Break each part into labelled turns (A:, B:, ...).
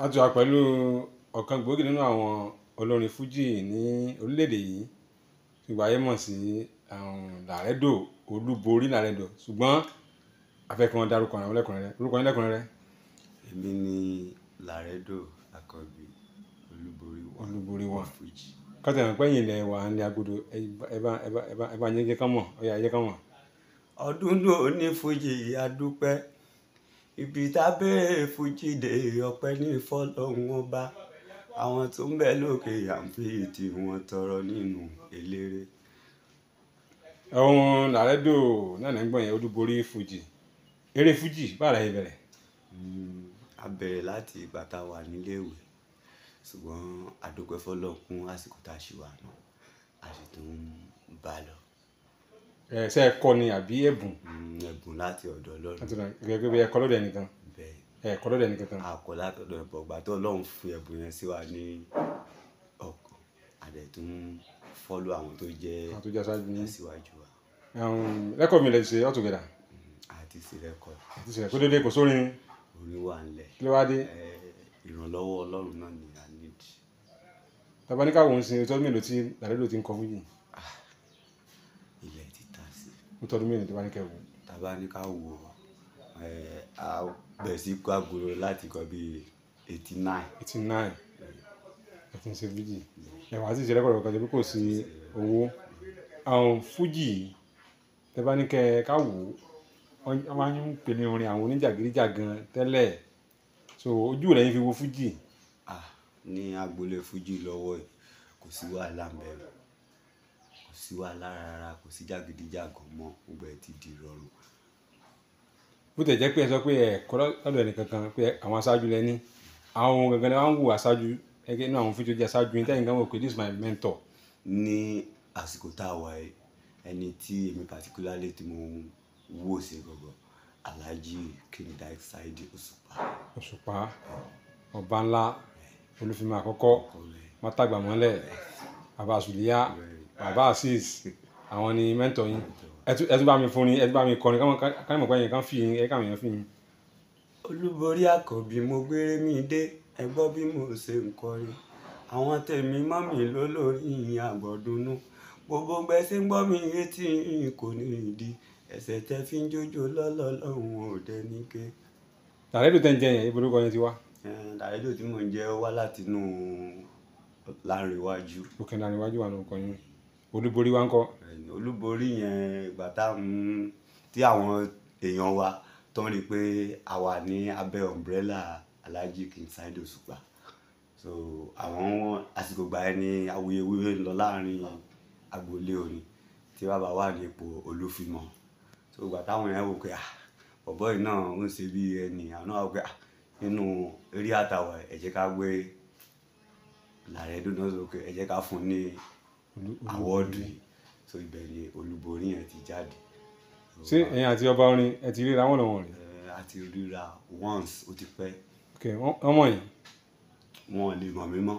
A: A tún wà pẹ̀lú ọ̀kan gbòógì nínú àwọn olórin fújì ní orílẹ̀-èdè yìí tí gbogbo ayé mọ̀ sí um, Làrẹ́dò, Olúborí Làrẹ́dò. Ṣùgbọ́n a fẹ́ kí wọ́n dárúkọ ara wọn lẹ́kùnrẹ́rẹ́. Orúkọ yín lẹ́kùnrẹ́rẹ́? Èmi ni Làrẹ́dò Àkànbí Olúborí One. Olúborí One. Fújì. Kán tiẹ̀ mọ̀ pé ẹ̀yin lẹ wà nílẹ̀ agodo. Ẹ bá, ẹ bá, ẹ bá, ẹ bá yín jẹ́ kán mọ̀. Ó yá, jẹ́ kán mọ̀.
B: Ọdún dùn oní fújì, a dúpẹ́ ibi tábẹ́ fújìde ọpẹ́ ní fọlọ́hún ọba àwọn tó ń bẹ lókè àǹfì tí wọ́n tọrọ nínú eléré. ọ̀hún làrẹ́dò náà ní gbọ̀nyẹn olúborí fújì eré fújì bára ẹ bẹ̀rẹ̀. Hmm, a bẹ̀rẹ̀ láti ìgbà tá a wà níléèwé ṣùgbọ́n a dúpẹ́ fọlọ́hún àsìkò tá a ṣì wà náà a sì tún ń bá a lọ ẹ ṣe ẹ kọ́ ni àbí ẹ̀bùn. Mm, ẹ̀bùn láti ọ̀dọ̀ ọlọ́run. láti ọ̀dọ̀ gẹ́gẹ́ bí ẹ kọ́ lọ́dọ̀ ẹnìkan. bẹ́ẹ̀ ẹ kọ́ lọ́dọ̀ ẹnìkan kan. àkọ́ látọ̀dọ̀ ẹ̀bùn ọgbà tó ọlọ́run fi ẹ̀bùn yẹn sí wa ní ọkọ̀ àdẹ̀ tó ń fọ́lú àwọn tó jẹ́ síwájú wa.
A: rẹ́kọ̀d mi lè ṣe all together.
B: àti mm, sí rẹ́kọ̀d. àti sí rẹ́kọ̀d kò sórin. olúwa ńlẹ̀. kí ló wá dé. ìrànlọ́wọ́ ọlọ́run náà ni i need.
A: tabaníkà wò ń sin ọjọ́ mélòó tí làlẹ́ ló ti ń kọ wíyìn ó tọdún mélòó tó bá ní kẹwò.
B: tàbá ní ká wò ó a bẹ̀rẹ̀ sí kó àgùrò láti kọ́ bí eighty nine. eighty nine àti mm. ṣe fújì
A: ẹ̀wọ̀n àti ìṣẹ̀lẹ̀ kọ̀ọ̀kan kan ṣe pé kò sí owó àwọn fújì tẹ bá ní kẹ ká wò
B: ó wọ́n máa ń pè ní orin àwọn oníjàgídíjàgan tẹ́lẹ̀ so ojú rẹ̀ yín fi wo fújì. Ah, ní agboolé fújì lọ́wọ́ yìí kò sí wàhálà ń kò sí wa lára rárá kò sí jàgídíjàgan mọ́ gbogbo ẹ̀ ti di rọrùn.
A: bó tẹ̀ jẹ́ pé ẹ sọ pé ẹ kọ́ lọ́dọ̀ ẹnì pé àwọn aṣáájú lẹ ní
B: àwọn ohun gangan ni ń wo aṣáájú ẹgbẹ́ inú àwọn fíjọ́ aṣáájú yín tẹ́yìn gan pé this is my mentor. ní àsìkò tá a wà yìí ẹni tí èmi particularly tí mo wò sí gbogbo Alhaji King Daud Saheed Òṣùpá.
A: Òṣùpá ọba ńlá olùfimọ àkọ́kọ́ mátàgbàmọ́lẹ̀ abasuliya bàbá asis àwọn ni mẹ́ńtọ̀ yín ẹ tún bá mi fún ni ẹ tún bá mi kọrin káwọn mọ̀ pé ẹ̀yìn kan fi yín ẹ káwọn èèyàn fi yín.
B: olúborí àkànbí mo gbére mi dé ẹ gbọ́ bí mo ṣe ń kọrin àwọn tèmi mọ́ mi lólórí ìyìn àgbọ̀dúnú gbogbo gbẹ ṣe ń gbọ́ mi retí ìyìn kò ní ìdí ẹsẹ̀ tẹ fi ń jójó lọ́lọ́lọ́hún ò dẹ́nike. tàrẹ́dù tẹ́ ń jẹ yẹn ibi orúkọ yẹn ti wá. tàrẹ́dù tí mò ń jẹ wá látinú láàrin iwájú. òkè láàrin iwájú wà lóko yẹn olúborí wa ń kọ́. olúborí yẹn ìgbà tí àwọn èèyàn wa tán rí i pé a wà ní abẹ́ ọ̀mbrẹ́là Alhaji King Saheed so àwọn àsìkò gbà ẹni awuyewuye lọ láàrin agboolé orin tí bàbá wà ní ipò olúfimọ so ìgbà táwọn yẹn wò pé ah bọ̀bọ́ yìí náà ń ṣe bí ẹni àná wò pé ah nínú eré àtàwọ̀ ẹ ká gbé làárẹ̀ sókè ẹ ká fún ní àwọ́dù so ìbẹ̀rẹ̀ olúborí yẹn ti jáde.
A: ṣé ẹ̀yin àti ọba orin ẹ ti ríra wọn lọ́wọ́ rẹ̀.
B: Eh, a ti ríra once ó ti pẹ́.
A: ok wọ́n mọ̀ yín.
B: wọn ò lè mọ̀ mí mọ́.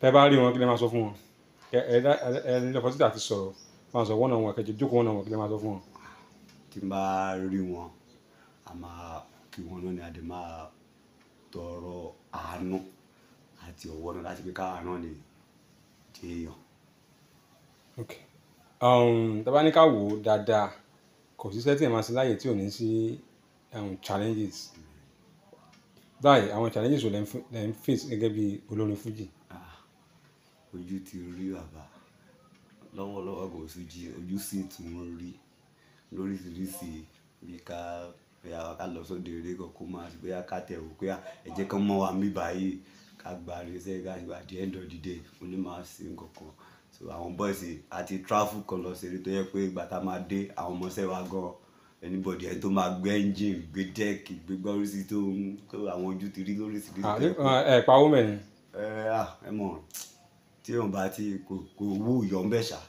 A: tẹ́ bá rí wọn kí lè máa sọ fún wọn ẹ ẹ lọ́kọ̀ títà ti sọ̀rọ̀ máa sọ wọ́n àwọn àkẹjọ jókòó wọ́n àwọn àkẹjọ máa sọ fún wọn.
B: tí n bá rí wọn a máa kí wọn náà ni a lè máa tọrọ àánú àti ọwọ́ náà láti pé káàánú ni jẹ́yàn.
A: Okay. Um, tí a bá ní ká wò
B: ó dáadáa, kò sí iṣẹ́ tí èèyàn máa ṣe
A: láyé tí ò ní sí um, challenges. Báyìí, àwọn challenges wo lẹ ń f- lẹ ń face gẹ́gẹ́ bí olórin fújì?
B: Ah, ojú ti rí bàbá. Lọ́wọ́lọ́wọ́ kò sí jí, ojú sì tún ń rí lóríṣìíríṣìí bí ká bóyá ká lọ sóde eré kan kó máa ṣe bóyá ká tẹ̀ wò pé à ẹ jẹ́ kán mọ́ wa níbí báyìí ká gba irinṣẹ́ ká gba the end of the day ó lè máa ṣe nǹkan kan so àwọn bọ́ìsì àti travel kan lọ ṣeré tó yẹ pé ìgbà tá a máa dé àwọn ọmọọṣẹ́ wa gan anybody ẹ tó máa gbé engine gbé deck gbé gbọ́rísí tó ń tó àwọn ojú ti rí lóríṣiríṣi. Ah, ẹ ah, pawó mẹ́rin. ẹ ẹ mọ̀ tí òun bá ti kò kò wú ìyọ̀ ń bẹ̀ ṣá.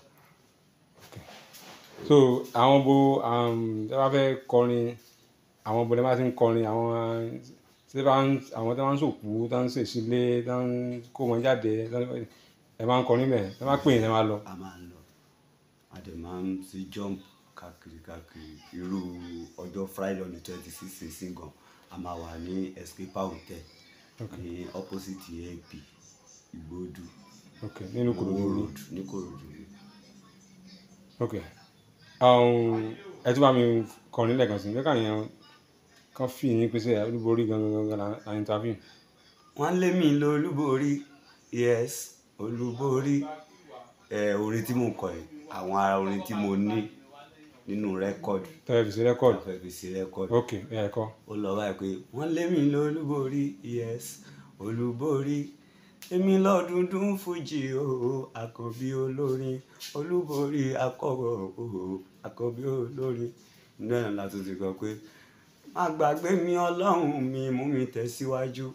A: so àwọn bo ẹ um, bá fẹ́ kọrin àwọn bo ẹ bá ti ń kọrin àwọn tí wọ́n àwọn tí wọ́n ń sòkú tí wọ́n ń ṣèṣílé tí wọ́n ń kó wọn jáde tí wọ́n ń ẹ máa ń kọrin bẹ́ẹ̀ ẹ máa pè yín ẹ máa lọ.
B: a máa ń lọ a dẹ̀ máa ń sí jump káàkiri káàkiri irú ọjọ́ friday on the twenty six sísìn gan a máa wà ní escape hotel ní opposite ap ìgbòdù nínú kòròdú ní kòròdú.
A: ok ẹ tún bá mi kọrin lẹ́ẹ̀kan sí i lẹ́ẹ̀kan yẹn kan fi yín pèsè olúborí gangan gangan la interview.
B: wọ́n lé mi lọ olúborí yes. olúborí ẹ orin tí mo kọ yìí àwọn ara orin tí mo ní nínú rẹkọdù. tẹlifísì rẹkọdù. tẹlifísì rẹkọdù. ok ẹ kọ. ó lọ báyìí pé wọ́n lé mi lólúborí yes olúborí èmi lọ́dúndún fújì o àkọ́bí olórin olúborí akọ̀rọ̀ o àkọ́bí olórin náà ti kọ pé má gbàgbé mi ọlọ́run mi mú mi tẹ̀síwájú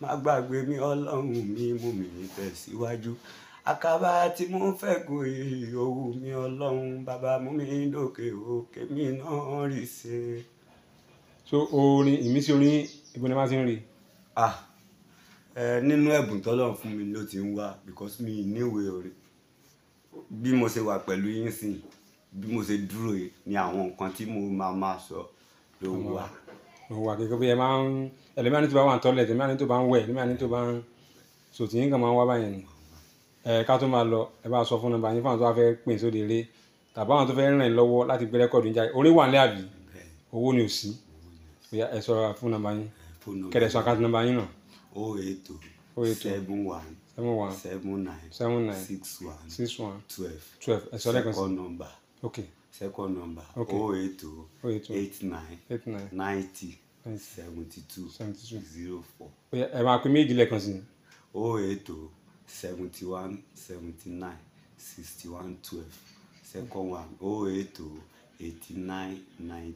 B: má gbàgbé mi ọlọ́run mi mú mi tẹ̀síwájú àkàbà tí mo fẹ́ gùn yìí òwú mi ọlọ́run bàbá mú mi lókè òkè mi náà rì ṣe. so orin ìmísí orin ibo ni ti ń rí. ah ẹ nínú ẹ̀bùn tọ́lọ́run fún mi ló ti ń wá because mi níwèé orin bí mo ṣe wà pẹ̀lú yín sí bí mo ṣe dúró yìí ni àwọn nǹkan tí mo máa máa sọ ló wà
A: òwò àkẹ́kọ̀ọ́ bí ẹ máa ń ẹlẹ́mìí àní tó bá wà ní tọ́lẹ̀tì ẹlẹ́mìí àní tó bá ń wẹ̀ ẹlẹ́mìí àní tó bá ń sòtì yín kàn máa ń wá báyẹn nù ẹ ká tó máa lọ ẹ bá sọ fún nọ́mbà yín fún àwọn tó bá fẹ́ pè sóde eré tàbá àwọn tó fẹ́ rìn lọ́wọ́ láti gbé rẹ́kọ̀dù níjà orí wà nílẹ̀ àbí owó ni ò sí ẹ sọ fún nọ́mbà yín kẹ̀dẹ̀ sọ àkáǹtì nọ́mbà yín náà.
B: o oh eto oh oh seven one seven one seven nine seven nine six one six one twelve twelve ẹ sọ lẹ́ẹ̀kan sí. second second number okay. 080 89 89 90 72 72 04. ẹ máa pe méjì lẹ́ẹ̀kan sí i. 71 79 61 12 second one 080 89 90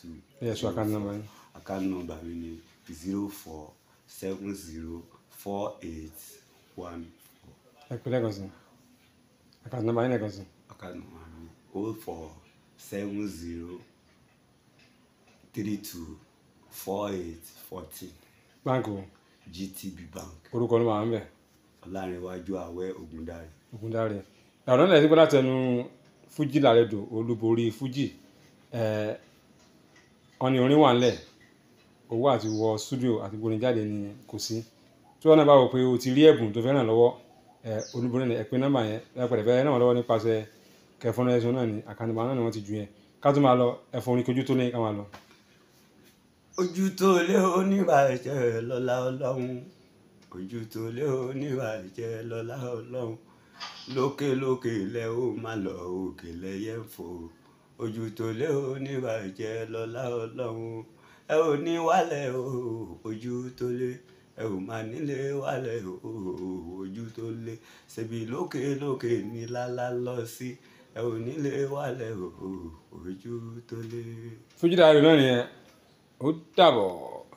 B: 72. ẹ sọ àkáǹtì nọ́mbà yẹn. àkáǹtì nọ́mbà mi ni zero four seven zero
A: ẹ pe lẹ́ẹ̀kan sí i àkáǹtì nọ́mbà lẹ́ẹ̀kan sí i.
B: àkáǹtì mi. code for seven zero three two four eight fourteen. báńkì o. GTB bank. orúkọ ló máa ń bẹ̀. ọlárinwájú àwẹ ògúndáre. ògúndáre
A: ìyàwó náà ti gbọ́dọ̀ tẹnu fújì làrẹ̀dọ̀ olúborí fújì ọ̀nì orin wà owó àti wọ studio àti gbóni jáde ni kò sí tí wọ́n náà bá pé o ti rí ẹ̀bùn tó fẹ́ lọ́wọ́ olúborí ẹ nọ́mbà yẹn ẹ kẹfọn ẹsùn náà ni àkànnìbà náà ni wọ́n ti ju yẹn ká tó máa lọ ẹfọn orin kojú tó lé ká máa lọ.
B: ojú tó lé oníwà ẹ̀jẹ̀ lọ́lá ọlọ́run ojú tó lé oníwà ẹ̀jẹ̀ lọ́lá ọlọ́run lókè lókè ilẹ̀ ó máa lọ òkè lẹ́yẹ fò ojú tó lé oníwà ẹ̀jẹ̀ lọ́lá ọlọ́run ẹ ò ní wálẹ̀ o ojú tó lé ẹ ò máa nílé wálẹ̀ o ojú tó lé ṣebí lókè lókè ní lálá lọ sí. Si ẹ ò nílé wálẹ̀ o ojú tó lé.
A: Fújì Dáre náà nìyẹn ó dàbọ̀.